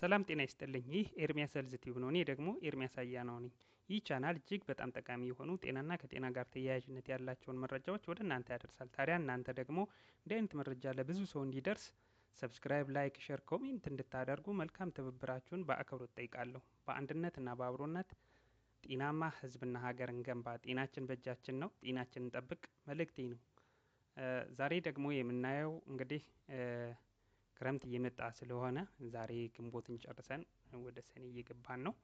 ሰላም ጤና ይስጥልኝ። ይህ ኤርሚያስ ሄልዝ ቲዩብ ነው። እኔ ደግሞ ኤርሚያስ አያናው ነኝ። ይህ ቻናል እጅግ በጣም ጠቃሚ የሆኑ ጤናና ከጤና ጋር ተያያዥነት ያላቸውን መረጃዎች ወደ እናንተ ያደርሳል። ታዲያ እናንተ ደግሞ እንዲህ አይነት መረጃ ለብዙ ሰው እንዲደርስ ሰብስክራይብ፣ ላይክ፣ ሸር ኮሜንት እንድታደርጉ መልካም ትብብራችሁን በአክብሮት ጠይቃለሁ። በአንድነትና በአብሮነት ጤናማ ህዝብና ሀገር እንገንባ። ጤናችን በእጃችን ነው። ጤናችን እንጠብቅ መልእክቴ ነው። ዛሬ ደግሞ የምናየው እንግዲህ ክረምት እየመጣ ስለሆነ ዛሬ ግንቦትን ጨርሰን ወደ ሰኔ እየገባን ነው።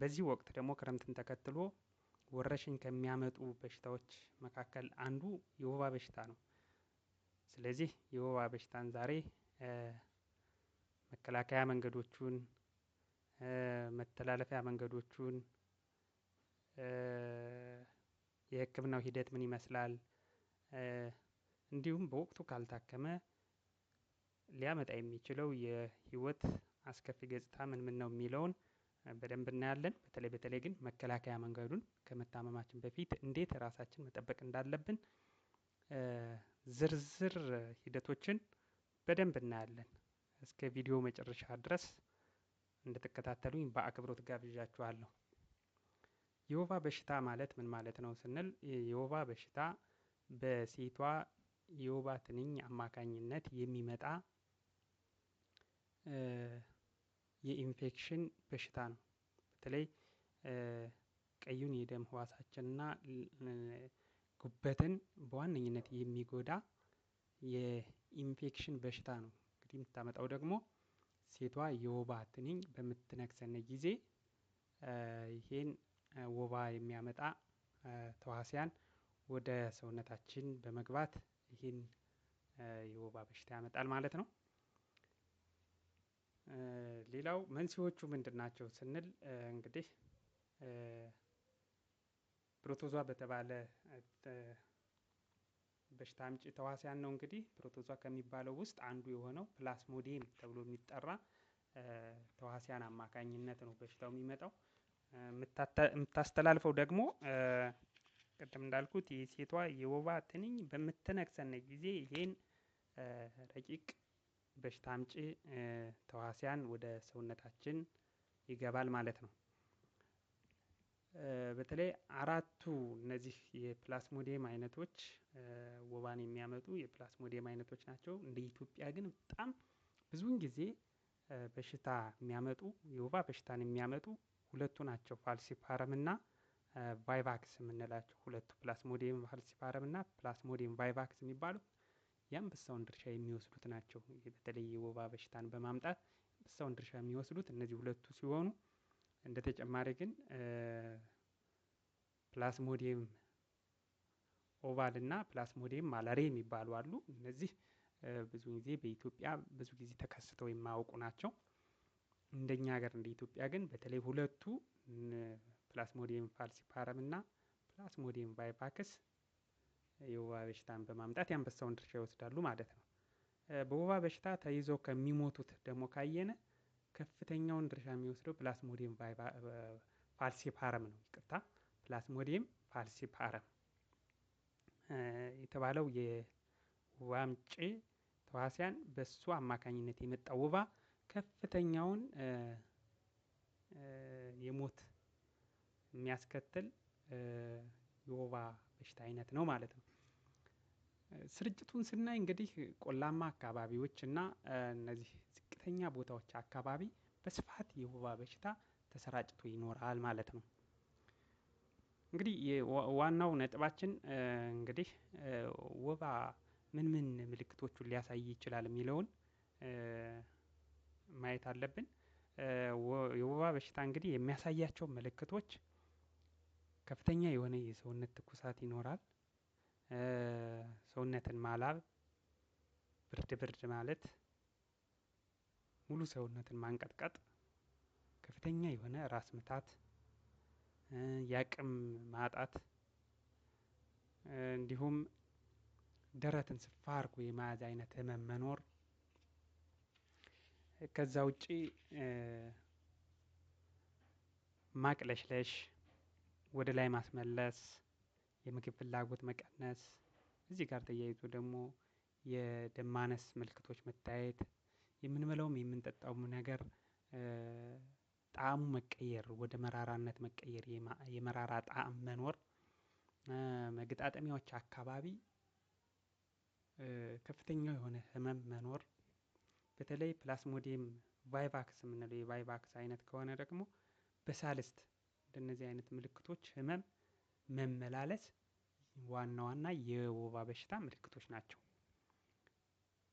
በዚህ ወቅት ደግሞ ክረምትን ተከትሎ ወረሽኝ ከሚያመጡ በሽታዎች መካከል አንዱ የወባ በሽታ ነው። ስለዚህ የወባ በሽታን ዛሬ መከላከያ መንገዶቹን መተላለፊያ መንገዶቹን የህክምናው ሂደት ምን ይመስላል? እንዲሁም በወቅቱ ካልታከመ ሊያመጣ የሚችለው የህይወት አስከፊ ገጽታ ምን ምን ነው የሚለውን በደንብ እናያለን። በተለይ በተለይ ግን መከላከያ መንገዱን ከመታመማችን በፊት እንዴት ራሳችን መጠበቅ እንዳለብን ዝርዝር ሂደቶችን በደንብ እናያለን። እስከ ቪዲዮ መጨረሻ ድረስ እንድትከታተሉኝ በአክብሮት ጋብዣችኋለሁ። የወባ በሽታ ማለት ምን ማለት ነው ስንል የወባ በሽታ በሴቷ የወባ ትንኝ አማካኝነት የሚመጣ የኢንፌክሽን በሽታ ነው። በተለይ ቀዩን የደም ህዋሳችንና ጉበትን በዋነኝነት የሚጎዳ የኢንፌክሽን በሽታ ነው። እንግዲህ የምታመጣው ደግሞ ሴቷ የወባ ትንኝ በምትነክሰነ ጊዜ ይሄን ወባ የሚያመጣ ተዋሲያን ወደ ሰውነታችን በመግባት ይህን የወባ በሽታ ያመጣል ማለት ነው ሌላው መንስኤዎቹ ምንድን ናቸው ስንል እንግዲህ ፕሮቶዟ በተባለ በሽታ አምጪ ተዋሲያን ነው። እንግዲህ ፕሮቶዟ ከሚባለው ውስጥ አንዱ የሆነው ፕላስሞዲየም ተብሎ የሚጠራ ተዋሲያን አማካኝነት ነው በሽታው የሚመጣው። የምታስተላልፈው ደግሞ ቅድም እንዳልኩት የሴቷ የወባ ትንኝ በምትነክሰነ ጊዜ ይሄን ረቂቅ በሽታ አምጪ ተዋሲያን ወደ ሰውነታችን ይገባል ማለት ነው። በተለይ አራቱ እነዚህ የፕላስሞዲየም አይነቶች ወባን የሚያመጡ የፕላስሞዲየም አይነቶች ናቸው። እንደ ኢትዮጵያ ግን በጣም ብዙውን ጊዜ በሽታ የሚያመጡ የወባ በሽታን የሚያመጡ ሁለቱ ናቸው ፋልሲፓረም እና ቫይቫክስ የምንላቸው ሁለቱ ፕላስሞዲየም ፋልሲፓረም እና ፕላስሞዲየም ቫይቫክስ የሚባሉ የአንበሳውን ድርሻ የሚወስዱት ናቸው። በተለይ ወባ በሽታን በማምጣት የአንበሳውን ድርሻ የሚወስዱት እነዚህ ሁለቱ ሲሆኑ እንደ ተጨማሪ ግን ፕላስሞዲየም ኦቫል እና ፕላስሞዲየም ማላሬ የሚባሉ አሉ። እነዚህ ብዙ ጊዜ በኢትዮጵያ ብዙ ጊዜ ተከስተው የማያውቁ ናቸው። እንደኛ ሀገር እንደ ኢትዮጵያ ግን በተለይ ሁለቱ ፕላስሞዲየም ፋልሲፓረም እና ፕላስሞዲየም ቫይፓክስ የወባ በሽታን በማምጣት የአንበሳውን ድርሻ ይወስዳሉ ማለት ነው። በወባ በሽታ ተይዘው ከሚሞቱት ደግሞ ካየነ ከፍተኛውን ድርሻ የሚወስደው ፕላስሞዲየም ፋልሲፓረም ነው። ይቅርታ ፕላስሞዲየም ፋልሲፓረም የተባለው የወባ አምጪ ተዋሲያን በሱ አማካኝነት የመጣ ወባ ከፍተኛውን የሞት የሚያስከትል የወባ በሽታ አይነት ነው ማለት ነው። ስርጭቱን ስናይ እንግዲህ ቆላማ አካባቢዎች እና እነዚህ ዝቅተኛ ቦታዎች አካባቢ በስፋት የወባ በሽታ ተሰራጭቶ ይኖራል ማለት ነው። እንግዲህ ዋናው ነጥባችን እንግዲህ ወባ ምን ምን ምልክቶቹን ሊያሳይ ይችላል የሚለውን ማየት አለብን። የወባ በሽታ እንግዲህ የሚያሳያቸው ምልክቶች ከፍተኛ የሆነ የሰውነት ትኩሳት ይኖራል ሰውነትን ማላብ ብርድ ብርድ ማለት ሙሉ ሰውነትን ማንቀጥቀጥ ከፍተኛ የሆነ ራስ ምታት የአቅም ማጣት እንዲሁም ደረትን ስፋ አድርጎ የመያዝ አይነት ህመም መኖር ከዛ ውጪ ማቅለሽለሽ ወደ ላይ ማስመለስ የምግብ ፍላጎት መቀነስ እዚህ ጋር ተያይዞ ደግሞ የደም ማነስ ምልክቶች መታየት የምንበላውም የምንጠጣውም ነገር ጣዕሙ መቀየር ወደ መራራነት መቀየር የመራራ ጣዕም መኖር መገጣጠሚያዎች አካባቢ ከፍተኛ የሆነ ህመም መኖር በተለይ ፕላስሞዲየም ቫይቫክስ የምንለው የቫይቫክስ አይነት ከሆነ ደግሞ በሳልስት እንደነዚህ አይነት ምልክቶች ህመም መመላለስ ዋና ዋና የወባ በሽታ ምልክቶች ናቸው።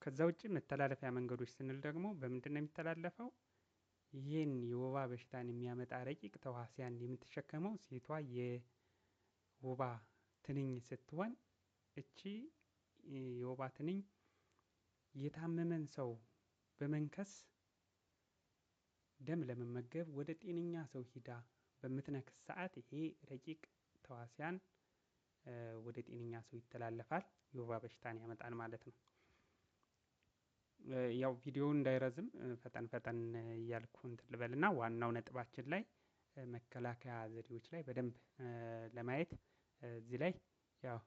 ከዛ ውጭ መተላለፊያ መንገዶች ስንል ደግሞ በምንድን ነው የሚተላለፈው? ይህን የወባ በሽታን የሚያመጣ ረቂቅ ተዋሲያን የምትሸከመው ሴቷ የወባ ትንኝ ስትሆን እቺ የወባ ትንኝ የታመመን ሰው በመንከስ ደም ለመመገብ ወደ ጤነኛ ሰው ሂዳ በምትነክስ ሰዓት ይሄ ረቂቅ ተዋሲያን ወደ ጤነኛ ሰው ይተላለፋል፣ የወባ በሽታን ያመጣል ማለት ነው። ያው ቪዲዮውን እንዳይረዝም ፈጠን ፈጠን እያልኩ እንትን ልበልና ዋናው ነጥባችን ላይ መከላከያ ዘዴዎች ላይ በደንብ ለማየት እዚህ ላይ ያው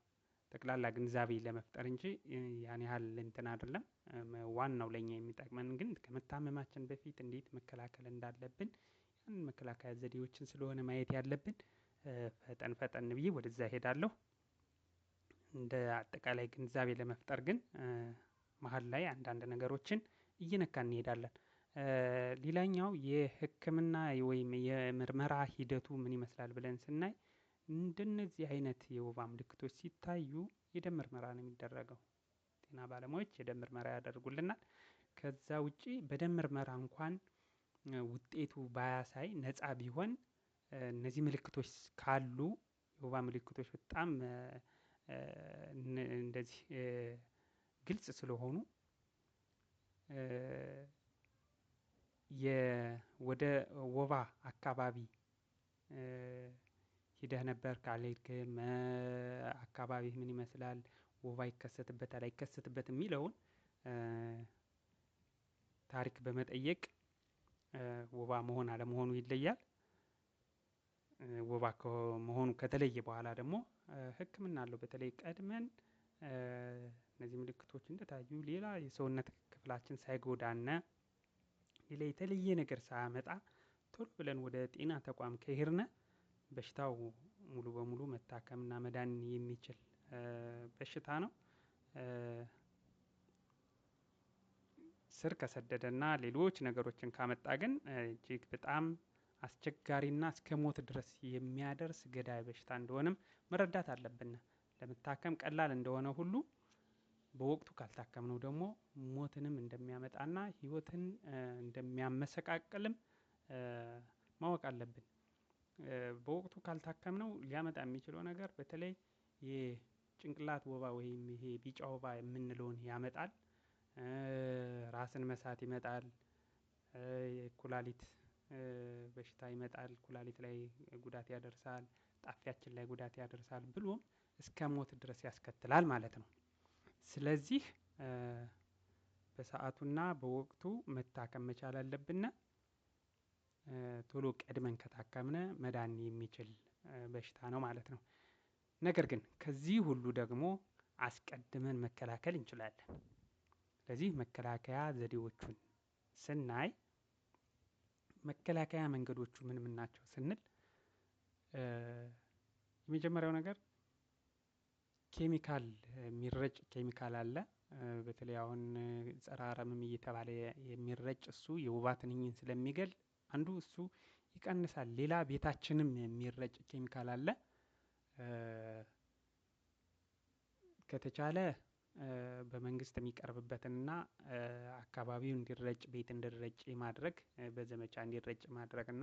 ጠቅላላ ግንዛቤ ለመፍጠር እንጂ ያን ያህል እንትን አይደለም። ዋናው ለኛ የሚጠቅመን ግን ከመታመማችን በፊት እንዴት መከላከል እንዳለብን ያን መከላከያ ዘዴዎችን ስለሆነ ማየት ያለብን። ፈጠን ፈጠን ብዬ ወደዛ ይሄዳለሁ እንደ አጠቃላይ ግንዛቤ ለመፍጠር ግን መሀል ላይ አንዳንድ ነገሮችን እየነካን እንሄዳለን። ሌላኛው የህክምና ወይም የምርመራ ሂደቱ ምን ይመስላል ብለን ስናይ እንደነዚህ አይነት የወባ ምልክቶች ሲታዩ የደም ምርመራ ነው የሚደረገው። ጤና ባለሙያዎች የደም ምርመራ ያደርጉልናል። ከዛ ውጪ በደም ምርመራ እንኳን ውጤቱ ባያሳይ ነጻ ቢሆን እነዚህ ምልክቶች ካሉ የወባ ምልክቶች በጣም እንደዚህ ግልጽ ስለሆኑ ወደ ወባ አካባቢ ሂደህ ነበር ካልሄድክም አካባቢ ምን ይመስላል ወባ ይከሰትበታል አይከሰትበት የሚለውን ታሪክ በመጠየቅ ወባ መሆን አለመሆኑ ይለያል። ወባ መሆኑ ከተለየ በኋላ ደግሞ ህክምና አለው። በተለይ ቀድመን እነዚህ ምልክቶች እንደታዩ ሌላ የሰውነት ክፍላችን ሳይጎዳነ ሌላ የተለየ ነገር ሳያመጣ ቶሎ ብለን ወደ ጤና ተቋም ከሄድነ በሽታው ሙሉ በሙሉ መታከምና መዳን የሚችል በሽታ ነው። ስር ከሰደደና ሌሎች ነገሮችን ካመጣ ግን እጅግ በጣም አስቸጋሪና እስከ ሞት ድረስ የሚያደርስ ገዳይ በሽታ እንደሆነም መረዳት አለብን። ለመታከም ቀላል እንደሆነ ሁሉ በወቅቱ ካልታከምነው ደግሞ ሞትንም እንደሚያመጣና ህይወትን እንደሚያመሰቃቅልም ማወቅ አለብን። በወቅቱ ካልታከምነው ሊያመጣ የሚችለው ነገር በተለይ የጭንቅላት ወባ ወይም ይሄ ቢጫ ወባ የምንለውን ያመጣል። ራስን መሳት ይመጣል። ኩላሊት በሽታ ይመጣል ኩላሊት ላይ ጉዳት ያደርሳል ጣፊያችን ላይ ጉዳት ያደርሳል ብሎም እስከ ሞት ድረስ ያስከትላል ማለት ነው። ስለዚህ በሰዓቱና በወቅቱ መታከም መቻል አለብን። ቶሎ ቀድመን ከታከምነ መዳን የሚችል በሽታ ነው ማለት ነው። ነገር ግን ከዚህ ሁሉ ደግሞ አስቀድመን መከላከል እንችላለን። ስለዚህ መከላከያ ዘዴዎቹን ስናይ መከላከያ መንገዶቹ ምን ምን ናቸው ስንል የመጀመሪያው ነገር ኬሚካል የሚረጭ ኬሚካል አለ። በተለይ አሁን ጸረ አረምም እየተባለ የሚረጭ እሱ የወባ ትንኝን ስለሚገል አንዱ እሱ ይቀንሳል። ሌላ ቤታችንም የሚረጭ ኬሚካል አለ። ከተቻለ በመንግስት የሚቀርብበትንና አካባቢው እንዲረጭ ቤት እንዲረጭ ማድረግ በዘመቻ እንዲረጭ ማድረግ እና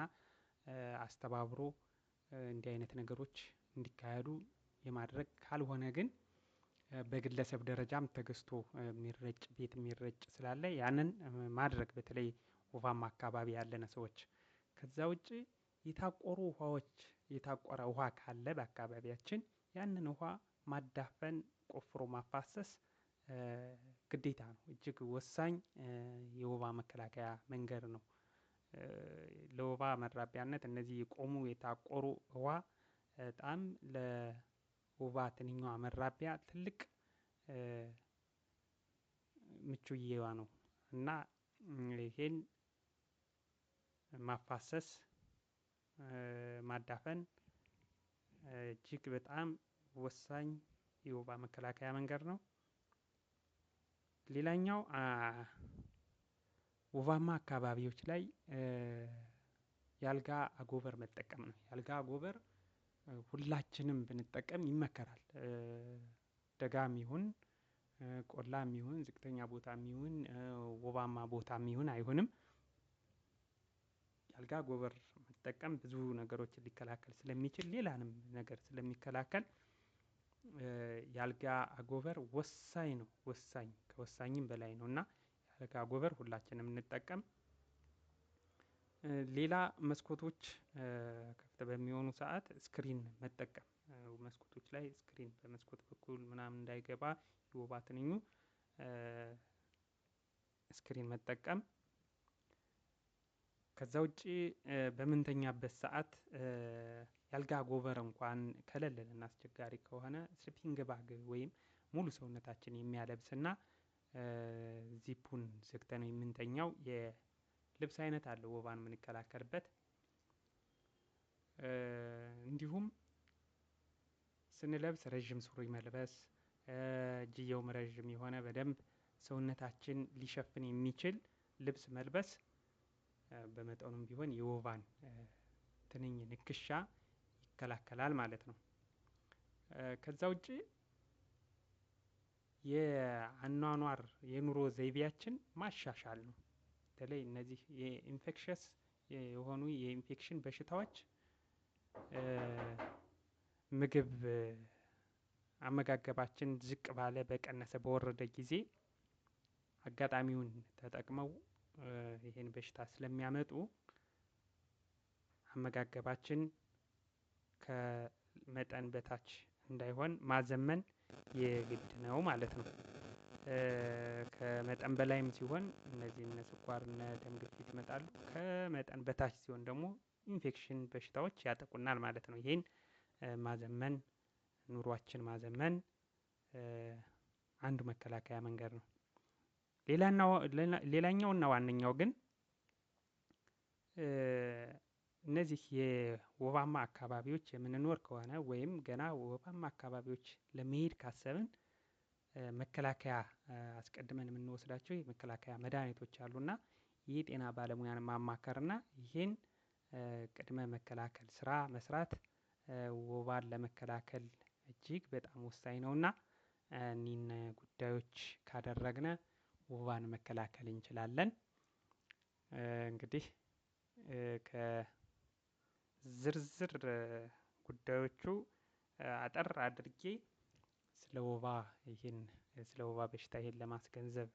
አስተባብሮ እንዲህ አይነት ነገሮች እንዲካሄዱ የማድረግ ካልሆነ ግን በግለሰብ ደረጃም ተገዝቶ የሚረጭ ቤት የሚረጭ ስላለ ያንን ማድረግ በተለይ ወፋማ አካባቢ ያለነ ሰዎች ከዛ ውጭ የታቆሩ ውሃዎች የታቆረ ውሃ ካለ በአካባቢያችን ያንን ውሃ ማዳፈን ቆፍሮ ማፋሰስ ግዴታ ነው። እጅግ ወሳኝ የወባ መከላከያ መንገድ ነው። ለወባ መራቢያነት እነዚህ የቆሙ የታቆሩ ውሃ በጣም ለወባ ትንኛ መራቢያ ትልቅ ምቹ እየዋ ነው እና ይሄን ማፋሰስ ማዳፈን እጅግ በጣም ወሳኝ የወባ መከላከያ መንገድ ነው። ሌላኛው ወባማ አካባቢዎች ላይ የአልጋ አጎበር መጠቀም ነው። የአልጋ አጎበር ሁላችንም ብንጠቀም ይመከራል። ደጋም ይሁን ቆላም ይሁን ዝቅተኛ ቦታም ይሁን ወባማ ቦታም ይሁን አይሆንም። የአልጋ አጎበር መጠቀም ብዙ ነገሮችን ሊከላከል ስለሚችል ሌላንም ነገር ስለሚከላከል የአልጋ አጎበር ወሳኝ ነው። ወሳኝ ከወሳኝም በላይ ነው እና የአልጋ አጎበር ሁላችንም እንጠቀም። ሌላ መስኮቶች ክፍት በሚሆኑ ሰዓት ስክሪን መጠቀም መስኮቶች ላይ ስክሪን በመስኮት በኩል ምናምን እንዳይገባ የወባ ትንኙ ስክሪን መጠቀም ከዛ ውጪ በምንተኛበት ሰዓት የአልጋ ጎበር እንኳን ከለለልን አስቸጋሪ ከሆነ ስሊፒንግ ባግ ወይም ሙሉ ሰውነታችን የሚያለብስና ዚፑን ዘግተን የምንተኛው የልብስ አይነት አለው ወባን የምንከላከልበት። እንዲሁም ስንለብስ ረዥም ሱሪ መልበስ እጅየውም ረዥም የሆነ በደንብ ሰውነታችን ሊሸፍን የሚችል ልብስ መልበስ በመጠኑም ቢሆን የወባን ትንኝ ንክሻ ይከላከላል ማለት ነው። ከዛ ውጭ የአኗኗር የኑሮ ዘይቤያችን ማሻሻል ነው። በተለይ እነዚህ የኢንፌክሽስ የሆኑ የኢንፌክሽን በሽታዎች ምግብ አመጋገባችን ዝቅ ባለ በቀነሰ በወረደ ጊዜ አጋጣሚውን ተጠቅመው ይህን በሽታ ስለሚያመጡ አመጋገባችን ከመጠን በታች እንዳይሆን ማዘመን የግድ ነው ማለት ነው። ከመጠን በላይም ሲሆን እነዚህ እነ ስኳር እነ ደም ግፊት ይመጣሉ። ከመጠን በታች ሲሆን ደግሞ ኢንፌክሽን በሽታዎች ያጠቁናል ማለት ነው። ይህን ማዘመን ኑሯችን ማዘመን አንዱ መከላከያ መንገድ ነው። ሌላኛውና ዋነኛው ግን እነዚህ የወባማ አካባቢዎች የምንኖር ከሆነ ወይም ገና ወባማ አካባቢዎች ለመሄድ ካሰብን መከላከያ አስቀድመን የምንወስዳቸው የመከላከያ መድኃኒቶች አሉና ይህ ጤና ባለሙያን ማማከርና ይህን ቅድመ መከላከል ስራ መስራት ወባን ለመከላከል እጅግ በጣም ወሳኝ ነውና እኒህን ጉዳዮች ካደረግነ ወባን መከላከል እንችላለን። እንግዲህ ከዝርዝር ጉዳዮቹ አጠር አድርጌ ስለ ወባ ይህን ስለ ወባ በሽታ ይህን ለማስገንዘብ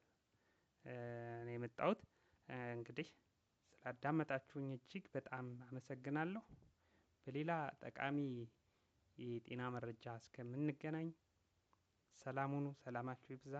ነው የመጣሁት። እንግዲህ ስላዳመጣችሁኝ እጅግ በጣም አመሰግናለሁ። በሌላ ጠቃሚ የጤና መረጃ እስከምንገናኝ ሰላም ሁኑ። ሰላማችሁ ይብዛ